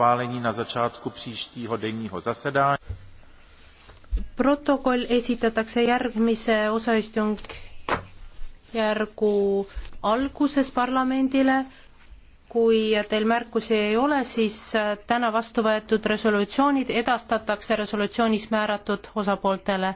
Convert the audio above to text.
schválení na začátku příštího denního zasedání. protokoll esitatakse järgmise osaistungjärgu alguses parlamendile. kui teil märkusi ei ole, siis täna vastu võetud resolutsioonid edastatakse resolutsioonis määratud osapooltele